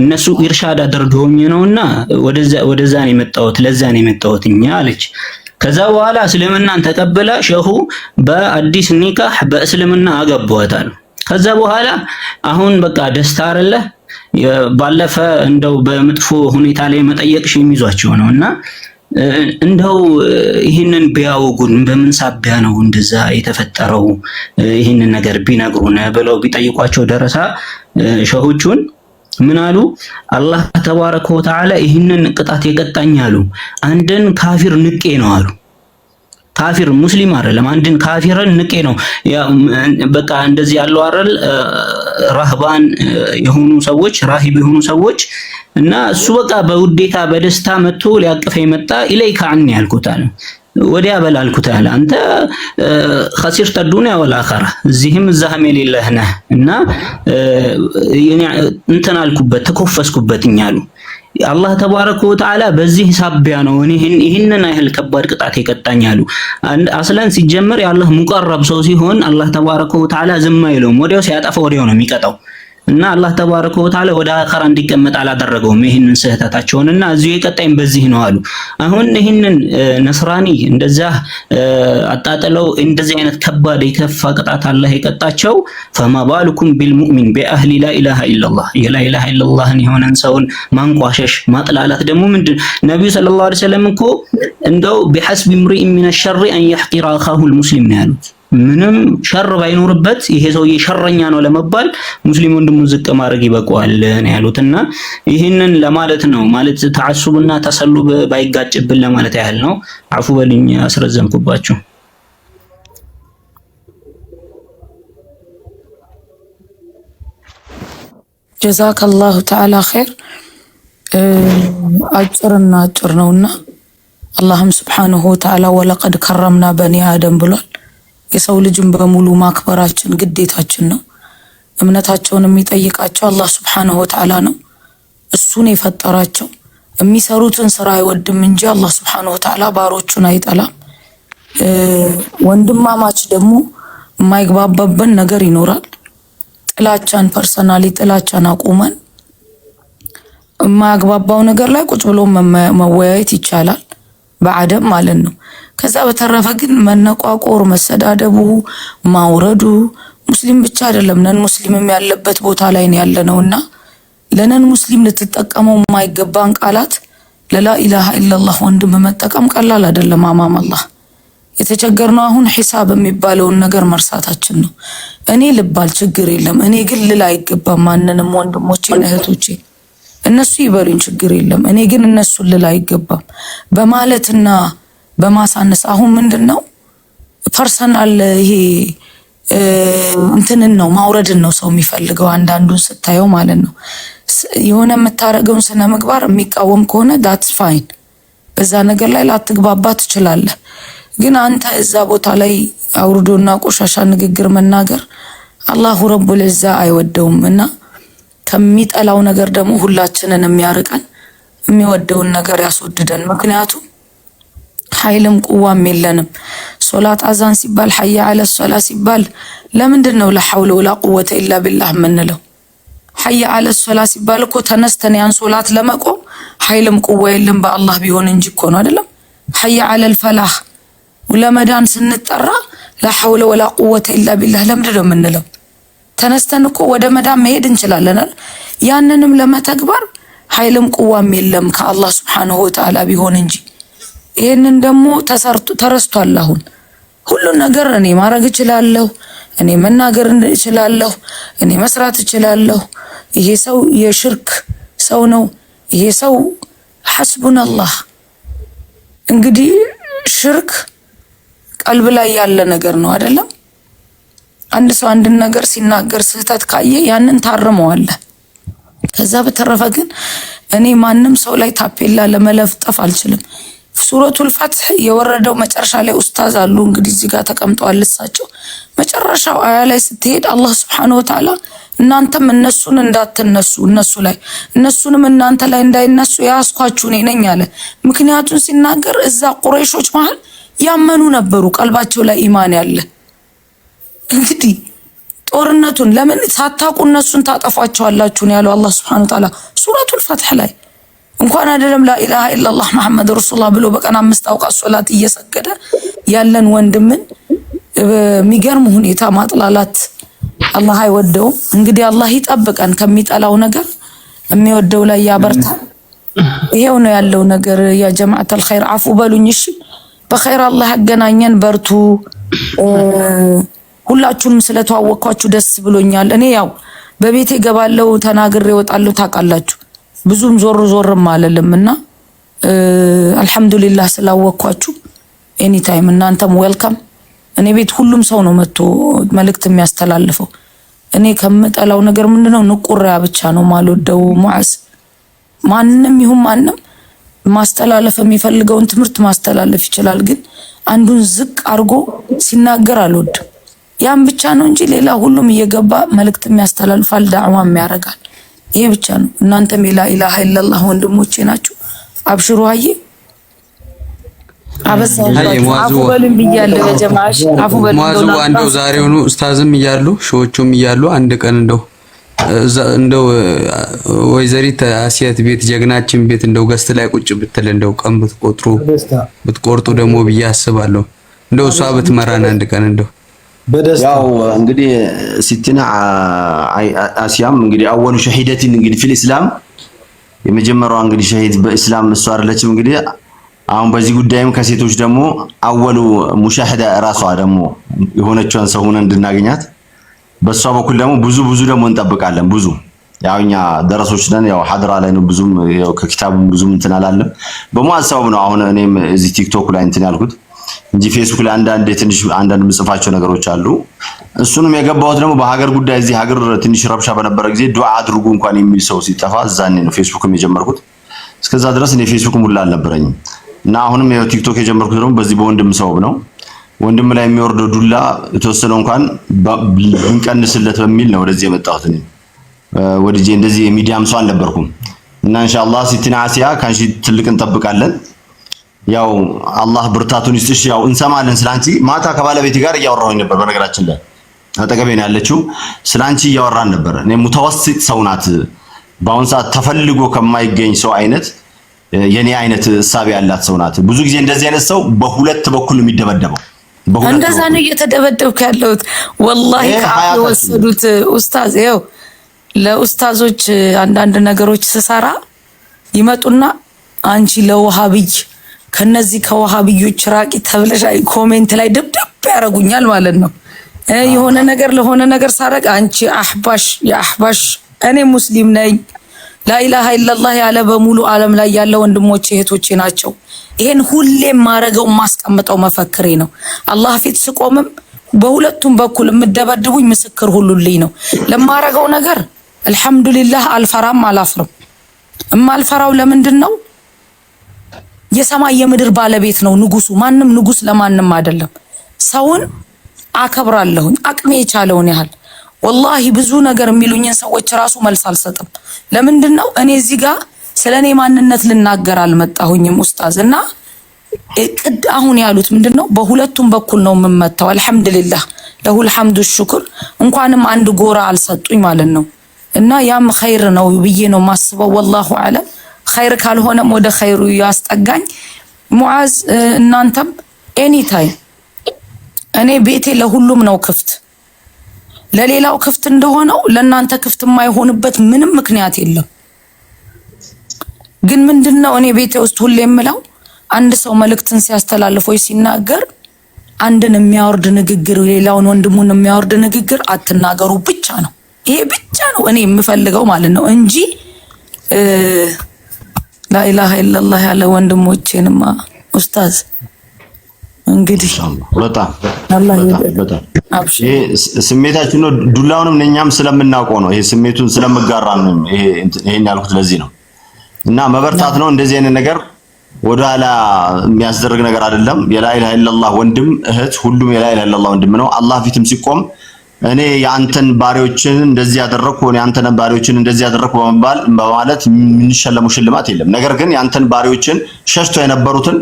እነሱ ኢርሻድ አድርገውኝ ነውና ወደዛ ነው የመጣሁት፣ ለዛ ነው የመጣሁት አለች። ከዛ በኋላ እስልምናን ተቀብላ ሸሁ በአዲስ ኒካህ በእስልምና አገቧታል። ከዛ በኋላ አሁን በቃ ደስታ አይደለ ባለፈ እንደው በመጥፎ ሁኔታ ላይ መጠየቅሽ የሚዟቸው ነው እና እንደው ይህንን ቢያወጉን በምን ሳቢያ ነው እንደዛ የተፈጠረው ይህንን ነገር ቢነግሩን ብለው ቢጠይቋቸው ደረሳ ሸሆቹን ምን አሉ? አላህ ተባረከ ወተዓላ ይህንን ቅጣት የቀጣኝ አሉ አንድን ካፊር ንቄ ነው አሉ። ካፊር ሙስሊም አይደለም፣ አንድን ካፊርን ንቄ ነው። በቃ እንደዚህ ያለው አይደል? ራህባን የሆኑ ሰዎች ራሂብ የሆኑ ሰዎች እና እሱ በቃ በውዴታ በደስታ መጥቶ ሊያቅፈ የመጣ ኢለይካ ዐኒ ያልኩት አለ ወዲያ በል አልኩት ያለ አንተ ኸሲርተ ዱንያ ወላኸራ እዚህም እዛህም የሌለህ ነህ እና እንትን አልኩበት ተኮፈስኩበት እኛሉ አላህ ተባረከ ወተዓላ በዚህ ሳቢያ ነው እኔ ይህንን ያህል ከባድ ቅጣት የቀጣኝ አሉ። አስለን ሲጀመር የአላህ ሙቀረብ ሰው ሲሆን አላህ ተባረከ ወተዓላ ዝም አይለውም። ወዲያው ሲያጠፋ ወዲያው ነው የሚቀጣው። እና አላህ ተባረከ ወተዓላ ወደ አኸራ እንዲቀመጥ አላደረገውም ይህንን ስህተታቸውን እና እዚሁ የቀጣይም በዚህ ነው አሉ። አሁን ይህንን ነስራኒ እንደዛ አጣጥለው እንደዚህ አይነት ከባድ የከፋ ቅጣት አላህ የቀጣቸው ፈማ ባልኩም ቢልሙእሚን ቢአህሊ ላኢላሃ ኢላላህ የላኢላሃ ኢላላህን የሆነን ሰውን ማንቋሸሽ ማጥላላት ደግሞ ምንድን ነቢዩ ሰለላሁ ዐለይሂ ወሰለም እኮ እንደው ቢሐስቢ ምሪኢን ሚነ አን የሕቂራ አኻሁል ሙስሊም ነው ያሉት ምንም ሸር ባይኖርበት ይሄ ሰውዬ ሸረኛ ነው ለመባል ሙስሊም ወንድሙን ዝቅ ማድረግ ይበቃዋል ነው ያሉትና ይህንን ለማለት ነው ማለት ተዓሱብና ተሰሉብ ባይጋጭብን ለማለት ያህል ነው። አፉ በልኝ አስረዘምኩባችሁ። ጀዛከላሁ ተዓላ ኸይር። አጭርና አጭር ነውና አላህም ስብሓንሁ ተዓላ ወለቀድ ከረምና በኒ አደም ብሏል። የሰው ልጅን በሙሉ ማክበራችን ግዴታችን ነው። እምነታቸውን የሚጠይቃቸው አላህ ስብሓንሁ ወተዓላ ነው። እሱን የፈጠራቸው የሚሰሩትን ስራ አይወድም እንጂ አላህ ስብሓንሁ ወተዓላ ባሮቹን አይጠላም። ወንድማማች ደግሞ የማይግባባበን ነገር ይኖራል። ጥላቻን ፐርሰናሊ ጥላቻን አቁመን የማያግባባው ነገር ላይ ቁጭ ብሎ መወያየት ይቻላል። በአደብ ማለት ነው። ከዛ በተረፈ ግን መነቋቆር፣ መሰዳደቡ፣ ማውረዱ ሙስሊም ብቻ አይደለም ነን ሙስሊምም ያለበት ቦታ ላይ ነው ያለ ነው እና ለነን ሙስሊም ልትጠቀመው የማይገባን ቃላት ለላኢላሃ ኢላላህ ወንድም መጠቀም ቀላል አይደለም። አማም አላህ የተቸገርነው አሁን ሒሳብ የሚባለውን ነገር መርሳታችን ነው። እኔ ልባል ችግር የለም እኔ ግን ልል አይገባም ማንንም ወንድሞቼ እህቶቼ እነሱ ይበሉኝ፣ ችግር የለም እኔ ግን እነሱን ልል አይገባም በማለትና በማሳነስ አሁን ምንድን ነው ፐርሰናል ይሄ እንትንን ነው ማውረድን ነው ሰው የሚፈልገው። አንዳንዱን ስታየው ማለት ነው የሆነ የምታደርገውን ስነ ምግባር የሚቃወም ከሆነ ዳትስ ፋይን፣ በዛ ነገር ላይ ላትግባባ ትችላለህ። ግን አንተ እዛ ቦታ ላይ አውርዶና ቆሻሻ ንግግር መናገር አላሁ ረቡል ዒዛ አይወደውም እና ከሚጠላው ነገር ደግሞ ሁላችንን የሚያርቀን የሚወደውን ነገር ያስወድደን። ምክንያቱም ኃይልም ቁዋም የለንም። ሶላት አዛን ሲባል ሀያ አለ ሶላ ሲባል ለምንድን ነው ለሐውለ ወላ ቁወተ ኢላ ቢላህ የምንለው? ሀያ አለ ሶላ ሲባል እኮ ተነስተን ያን ሶላት ለመቆም ኃይልም ቁዋ የለም በአላህ ቢሆን እንጂ እኮ ነው አይደለም። ሀያ አለል ፈላህ ለመዳን ስንጠራ ለሐውለ ወላ ቁወተ ኢላ ቢላህ ለምንድን ነው የምንለው? ተነስተን እኮ ወደ መዳን መሄድ እንችላለናል። ያንንም ለመተግበር ኃይልም ቁዋም የለም ከአላህ ስብሓንሁ ወተዓላ ቢሆን እንጂ ይህንን ደግሞ ተረስቷል። አሁን ሁሉን ነገር እኔ ማድረግ እችላለሁ፣ እኔ መናገር እችላለሁ፣ እኔ መስራት እችላለሁ፣ ይሄ ሰው የሽርክ ሰው ነው፣ ይሄ ሰው ሐስቡን አላህ። እንግዲህ ሽርክ ቀልብ ላይ ያለ ነገር ነው አይደለም አንድ ሰው አንድን ነገር ሲናገር ስህተት ካየ ያንን ታርመዋለህ። ከዛ በተረፈ ግን እኔ ማንም ሰው ላይ ታፔላ ለመለፍጠፍ አልችልም። ሱረቱል ፈትህ የወረደው መጨረሻ ላይ ኡስታዝ አሉ እንግዲህ እዚህ ጋር ተቀምጠዋል። እሳቸው መጨረሻው አያ ላይ ስትሄድ አላህ ሱብሓነሁ ወተዓላ እናንተም እነሱን እንዳትነሱ እነሱ ላይ እነሱንም እናንተ ላይ እንዳይነሱ ያስኳችሁ እኔ ነኝ አለ። ምክንያቱን ሲናገር እዛ ቁረይሾች መሀል ያመኑ ነበሩ፣ ቀልባቸው ላይ ኢማን ያለ እንግዲህ ጦርነቱን ለምን ሳታውቁ እነሱን ታጠፏቸዋላችሁ ያለው አላህ ሱብሓነሁ ወተዓላ ሱረቱል ፈትሕ ላይ። እንኳን አይደለም ላኢላሃ ኢላላህ መሐመድ ረሱሉላህ ብሎ በቀን አምስት አውቃት ሶላት እየሰገደ ያለን ወንድምን በሚገርም ሁኔታ ማጥላላት አላህ አይወደውም። እንግዲህ አላህ ይጠብቀን ከሚጠላው ነገር የሚወደው ላይ ያበርታል። ይሄው ነው ያለው ነገር። ያ ጀማዓተል አፉ በሉኝ እሺ። በኸይር አላህ ያገናኘን። በርቱ። ሁላችሁንም ስለተዋወቅኳችሁ ደስ ብሎኛል። እኔ ያው በቤቴ ገባለው ተናግሬ እወጣለሁ። ታውቃላችሁ ብዙም ዞር ዞርም አለልም እና አልሐምዱሊላህ ስላወቅኳችሁ ኤኒታይም እናንተም ዌልካም። እኔ ቤት ሁሉም ሰው ነው መጥቶ መልእክት የሚያስተላልፈው። እኔ ከምጠላው ነገር ምንድነው ንቁሪያ ብቻ ነው ማልወደው። ሙዓዝ ማንም ይሁን ማንም ማስተላለፍ የሚፈልገውን ትምህርት ማስተላለፍ ይችላል፣ ግን አንዱን ዝቅ አድርጎ ሲናገር አልወድም። ያን ብቻ ነው እንጂ ሌላ ሁሉም እየገባ መልእክትም ያስተላልፋል፣ ዳዕዋም ያደርጋል። ይሄ ብቻ ነው። እናንተም የላ ኢላሃ ኢለላህ ወንድሞቼ ናችሁ። አብሽሩ አዬ አበሳሙዋዙ አንደው ዛሬውኑ ኡስታዝም እያሉ ሾዎቹም እያሉ አንድ ቀን እንደው እንደው ወይዘሪት አስያት ቤት ጀግናችን ቤት እንደው ገስት ላይ ቁጭ ብትል እንደው ቀን ብትቆጥሩ ብትቆርጡ ደግሞ ብዬ አስባለሁ። እንደው እሷ ብትመራን አንድ ቀን እንደው ያው እንግዲህ ሲትና አስያም እንግዲህ አወሉ ሸሂደትን እንግዲህ ፊል ኢስላም የመጀመሪያዋ እንግዲህ ሸሂድ በኢስላም እሷ አይደለችም። እንግዲህ አሁን በዚህ ጉዳይም ከሴቶች ደግሞ አወሉ ሙሻሂዳ እራሷ ደግሞ የሆነችውን ሰው ሆነ እንድናገኛት በእሷ በኩል ደግሞ ብዙ ብዙ ደግሞ እንጠብቃለን። ብዙ ያው እኛ ደረሶች ነን፣ ያው ሀድራ ላይ ነው ብዙም ያው ከኪታቡ ብዙም እንትን አላለም። ሰበብ ነው አሁን እኔም እዚህ ቲክቶክ ላይ እንትን ያልኩት እንጂ ፌስቡክ ላይ አንዳንድ ትንሽ አንዳንድ የምጽፋቸው ነገሮች አሉ። እሱንም የገባሁት ደግሞ በሀገር ጉዳይ እዚህ ሀገር ትንሽ ረብሻ በነበረ ጊዜ ዱዓ አድርጉ እንኳን የሚል ሰው ሲጠፋ እዛኔ ነው ፌስቡክም የጀመርኩት። እስከዛ ድረስ እኔ ፌስቡክም ሙላ አልነበረኝም እና አሁንም ቲክቶክ የጀመርኩት ደግሞ በዚህ በወንድም ሰው ነው። ወንድም ላይ የሚወርደው ዱላ የተወሰነው እንኳን ብንቀንስለት በሚል ነው ወደዚህ የመጣሁት። እኔ ወዲጄ እንደዚህ የሚዲያም ሰው አልነበርኩም እና ኢንሻአላህ ሲቲና አሲያ ካንቺ ትልቅ እንጠብቃለን። ያው አላህ ብርታቱን ይስጥሽ። ያው እንሰማለን ስላንቺ። ማታ ከባለቤቴ ጋር እያወራሁኝ ነበር። በነገራችን ላይ አጠገቤ ነው ያለችው። ስላንቺ እያወራን ነበር። እኔ ሙተወሲጥ ሰው ናት። በአሁን ሰዓት ተፈልጎ ከማይገኝ ሰው አይነት የኔ አይነት እሳቤ ያላት ሰው ናት። ብዙ ጊዜ እንደዚህ አይነት ሰው በሁለት በኩል የሚደበደበው እንደዛ ነው እየተደበደብኩ ያለሁት። ወላሂ ከአፍ ኡስታዝ። ያው ለኡስታዞች አንዳንድ ነገሮች ስሰራ ይመጡና አንቺ ለውሃ ብይ ከነዚህ ከዋሃብዮች ራቂ ተብለሽ ኮሜንት ላይ ደብደብ ያደርጉኛል ማለት ነው። የሆነ ነገር ለሆነ ነገር ሳረቅ አንቺ አህባሽ የአህባሽ እኔ ሙስሊም ነኝ። ላኢላሃ ኢለላህ ያለ በሙሉ ዓለም ላይ ያለ ወንድሞቼ እህቶቼ ናቸው። ይሄን ሁሌም ማረገው ማስቀምጠው መፈክሬ ነው። አላህ ፊት ስቆምም በሁለቱም በኩል የምደበድቡኝ ምስክር ሁሉልኝ ነው። ለማረገው ነገር አልሐምዱሊላህ አልፈራም አላፍርም። እማልፈራው ለምንድን ነው የሰማይ የምድር ባለቤት ነው ንጉሱ። ማንም ንጉስ ለማንም አይደለም። ሰውን አከብራለሁኝ አቅሜ የቻለውን ያህል። ወላሂ ብዙ ነገር የሚሉኝን ሰዎች ራሱ መልስ አልሰጥም። ለምንድን ነው እኔ እዚህ ጋር ስለ እኔ ማንነት ልናገር አልመጣሁኝም ኡስታዝ። እና ቅድ አሁን ያሉት ምንድን ነው፣ በሁለቱም በኩል ነው የምመታው። አልሐምድሊላህ ለሁል ሐምዱ ሽኩር። እንኳንም አንድ ጎራ አልሰጡኝ ማለት ነው። እና ያም ኸይር ነው ብዬ ነው ማስበው። ወላሁ አለም ኸይር ካልሆነም ወደ ኸይሩ ያስጠጋኝ። ሙዓዝ እናንተም ኤኒታይም እኔ ቤቴ ለሁሉም ነው ክፍት። ለሌላው ክፍት እንደሆነው ለእናንተ ክፍት የማይሆንበት ምንም ምክንያት የለም። ግን ምንድን ነው እኔ ቤቴ ውስጥ ሁሌ የምለው አንድ ሰው መልእክትን ሲያስተላልፍ ወይ ሲናገር አንድን የሚያወርድ ንግግር፣ ሌላውን ወንድሙን የሚያወርድ ንግግር አትናገሩ ብቻ ነው። ይሄ ብቻ ነው እኔ የምፈልገው ማለት ነው እንጂ ላኢላሃ ኢለላህ ያለ ወንድሞቼንማ ኡስታዝ እንግዲህ በጣም ስሜታችን ነው። ዱላውንም እኛም ስለምናውቀው ነው። ይሄ ስሜቱን ስለምጋራ ይሄን ያልኩት ለዚህ ነው። እና መበርታት ነው። እንደዚህ አይነት ነገር ወደኋላ የሚያስደርግ ነገር አይደለም። የላኢላሃ ኢለላህ ወንድም እህት፣ ሁሉም የላኢላሃ ኢለላህ ወንድም ነው። አላህ ፊትም ሲቆም እኔ የአንተን ባሪዎችን እንደዚህ ያደረኩ እኔ አንተን ባሪዎችን እንደዚህ ያደረኩ በመባል በማለት የምንሸለሙ ሽልማት የለም። ነገር ግን የአንተን ባሪዎችን ሸሽቶ የነበሩትን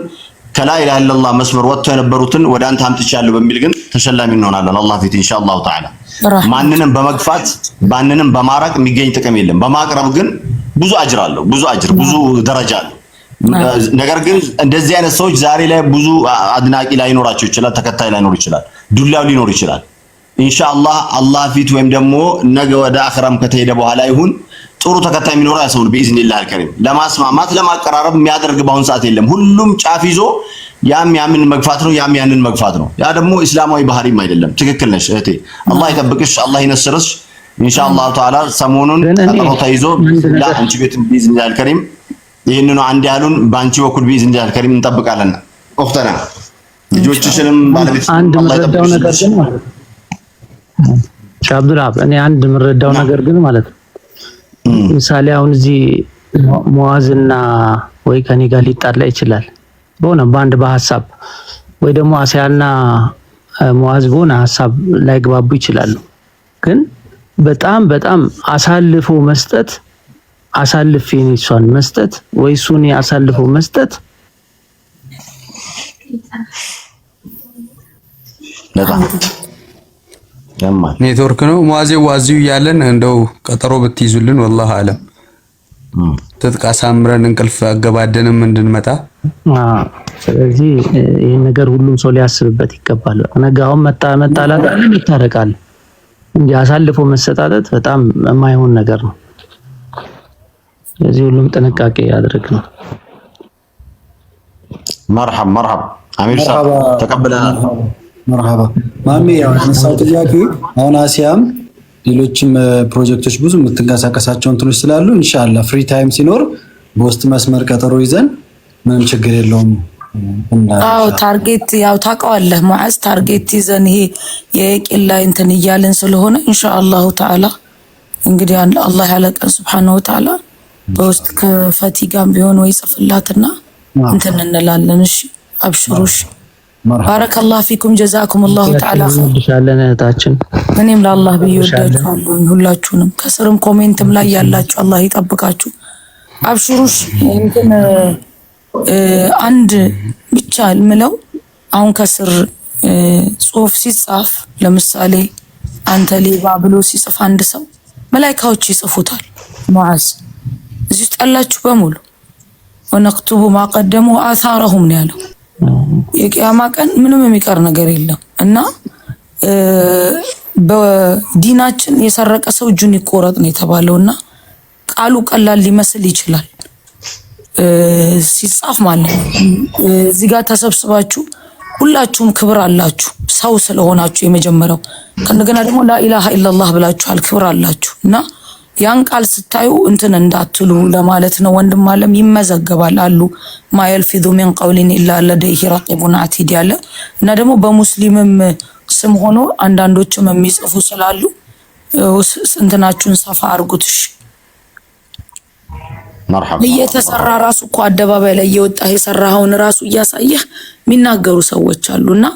ከላ ኢላሀ ኢለላህ መስመር ወጥቶ የነበሩትን ወደ አንተ አምጥቻለሁ በሚል ግን ተሸላሚ እንሆናለን አላህ ፊት ኢንሻአላሁ ተዓላ። ማንንም በመግፋት ማንንም በማራቅ የሚገኝ ጥቅም የለም። በማቅረብ ግን ብዙ አጅር አለው፣ ብዙ አጅር፣ ብዙ ደረጃ አለው። ነገር ግን እንደዚህ አይነት ሰዎች ዛሬ ላይ ብዙ አድናቂ ላይኖራቸው ይችላል፣ ተከታይ ላይኖር ይችላል፣ ዱላው ሊኖር ይችላል ኢንሻአላህ አላህ ፊት ወይም ደግሞ ነገ ወደ አኽራም ከተሄደ በኋላ ይሁን ጥሩ ተከታይ የሚኖር ያሰው በኢዝኒላህ አልከሪም ለማስማማት ለማቀራረብ የሚያደርግ በአሁን ሰዓት የለም። ሁሉም ጫፍ ይዞ ያም ያምን መግፋት ነው፣ ያም ያንን መግፋት ነው። ያ ደግሞ እስላማዊ ባህሪም አይደለም። ትክክል ነሽ እህቴ። አላህ ይጠብቅሽ፣ አላህ ይነስርሽ። ኢንሻአላህ ተዓላ ሰሞኑን ቀጠሮ ተይዞ ለአንቺ ቤት በኢዝኒላህ አልከሪም ይህንኑ አንድ ያሉን በአንቺ በኩል በኢዝኒላህ አልከሪም እንጠብቃለን። ኡኽተና ልጆችሽንም ባለቤትሽንም አላህ ይጠብቅሽ። አብዱልሀብ እኔ አንድ የምረዳው ነገር ግን ማለት ነው ምሳሌ አሁን እዚህ ሙዓዝና ወይ ከኔ ጋር ሊጣላ ይችላል በሆነ በአንድ በሀሳብ ወይ ደግሞ አስያና ሙዓዝ በሆነ ሀሳብ ላይግባቡ ይችላሉ። ግን በጣም በጣም አሳልፎ መስጠት አሳልፍ እሷን መስጠት ወይ እሱን አሳልፎ መስጠት በጣም ኔትወርክ ነው። ዋዜው ዋዚው እያለን እንደው ቀጠሮ ብትይዙልን ወላሂ አለም ትጥቅ አሳምረን እንቅልፍ አገባደንም እንድንመጣ። ስለዚህ ይህን ነገር ሁሉም ሰው ሊያስብበት ይገባል። ነገ አሁን መጣላት አለ ይታረቃል። እንጂ አሳልፎ መሰጣጠት በጣም የማይሆን ነገር ነው። ስለዚህ ሁሉም ጥንቃቄ ያድርግ ነው። መርሐብ መርሐብ አሚር ሳ ተቀብለናል። መርሃባ ማሜ ያው ያነሳው ጥያቄ አሁን አሲያም ሌሎችም ፕሮጀክቶች ብዙ የምትንቀሳቀሳቸው እንትኖች ስላሉ እንሻላ ፍሪ ታይም ሲኖር በውስጥ መስመር ቀጠሮ ይዘን ምንም ችግር የለውም። አዎ ታርጌት ያው ታውቀዋለህ መዓዝ ታርጌት ይዘን ይሄ የቂል ላይ እንትን እያልን ስለሆነ ኢንሻአላሁ ተዓላ እንግዲህ አላህ ያለቀን ሱብሓነሁ ተዓላ በውስጥ ከፈቲጋም ቢሆን ወይ ጽፍላትና እንትን እንላለን። እሺ አብሽሩሽ ባረከላህ ፊኩም ጀዛኩም አላሁ ተዓላ ሻለን እህታችን፣ እኔም ለአላህ ብዬ ወዳችኋለሁ ሁላችሁንም። ከስርም ኮሜንትም ላይ ያላችሁ አላህ ይጠብቃችሁ። አብሽሩሽ እንትን አንድ ብቻ ምለው አሁን ከስር ጽሁፍ ሲጻፍ ለምሳሌ አንተ ሌባ ብሎ ሲጽፍ አንድ ሰው መላይካዎች ይጽፉታል። ሙዓዝ እዚህ ውስጥ ያላችሁ በሙሉ ወነክቱቡ ማቀደሙ አሳረሁም ነው ያለው የቅያማ ቀን ምንም የሚቀር ነገር የለም እና በዲናችን የሰረቀ ሰው እጁን ይቆረጥ ነው የተባለው እና ቃሉ ቀላል ሊመስል ይችላል ሲጻፍ ማለት ነው። እዚህ ጋር ተሰብስባችሁ ሁላችሁም ክብር አላችሁ ሰው ስለሆናችሁ የመጀመሪያው ከእንደገና ደግሞ ላኢላሃ ኢላላህ ብላችኋል፣ ክብር አላችሁ እና ያን ቃል ስታዩ እንትን እንዳትሉ ለማለት ነው። ወንድም አለም ይመዘገባል አሉ ማየልፊዙ ሚን ቀውሊን ኢላ ለደይሂ ረቂቡን አቲድ ያለ እና ደግሞ በሙስሊምም ስም ሆኖ አንዳንዶችም የሚጽፉ ስላሉ እንትናችሁን ሰፋ አርጉት። እሺ እየተሰራ ራሱ እኮ አደባባይ ላይ እየወጣ የሰራኸውን ራሱ እያሳየህ የሚናገሩ ሰዎች አሉ። እና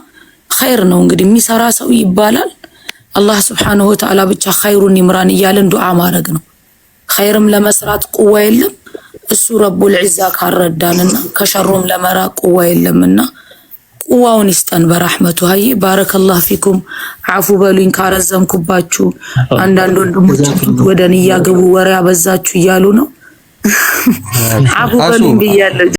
ኸይር ነው እንግዲህ የሚሰራ ሰው ይባላል። አላህ ስብሓንሁ ወተዓላ ብቻ ኸይሩን ይምራን እያለን ዱዓ ማድረግ ነው። ኸይርም ለመስራት ቁዋ የለም እሱ ረቡል ዒዛ ካረዳንና ከሸሩም ለመራቅ ቁዋ የለምና ቁዋውን ይስጠን በራሕመቱ። ሀይ ባረከላህ ፊኩም አፉ በሉኝ ካረዘምኩባችሁ። አንዳንድ ወንድሞቻችን ወደ ንያ ወሬ አበዛችሁ እያሉ ነው። አፉ በሉኝ ብያለሁ።